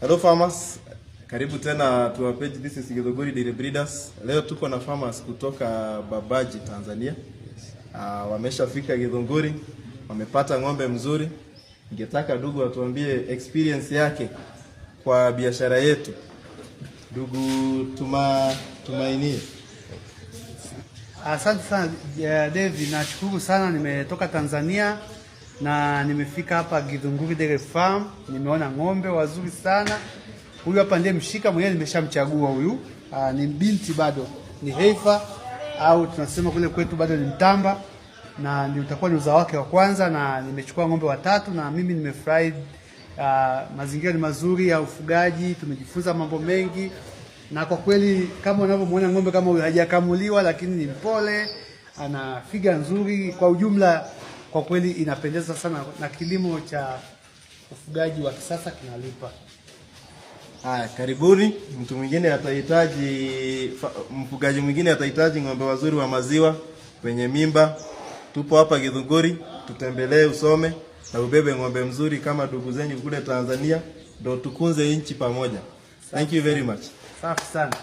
Hello farmers, karibu tena to our page. This is Githunguri Dairy Breeders. Leo tuko na farmers kutoka Babaji, Tanzania. Uh, wameshafika Githunguri, wamepata ng'ombe mzuri. Ningetaka ndugu atuambie experience yake kwa biashara yetu. Ndugu Tuma Tumaini. Asante sana eh, David, nashukuru sana, nimetoka Tanzania na nimefika hapa Githunguri Dairy Farm, nimeona ng'ombe wazuri sana. Huyu hapa ndiye mshika mwenyewe, nimeshamchagua huyu. Aa, ah, ni binti bado, ni heifa au tunasema kule kwetu bado ni mtamba, na ndio utakuwa ni uzao wake wa kwanza, na nimechukua ng'ombe watatu, na mimi nimefurahi. Mazingira ni mazuri ya ufugaji, tumejifunza mambo mengi, na kwa kweli kama unavyomwona ng'ombe kama huyu hajakamuliwa, lakini ni mpole, ana figa nzuri, kwa ujumla kwa kweli inapendeza sana, na kilimo cha ufugaji wa kisasa kinalipa. Haya, karibuni. Mtu mwingine atahitaji, mfugaji mwingine atahitaji ng'ombe wazuri wa maziwa wenye mimba, tupo hapa Githunguri, tutembelee, usome na ubebe ng'ombe mzuri kama ndugu zenyu kule Tanzania, ndo tukunze nchi pamoja. Thank you very much. Safi sana.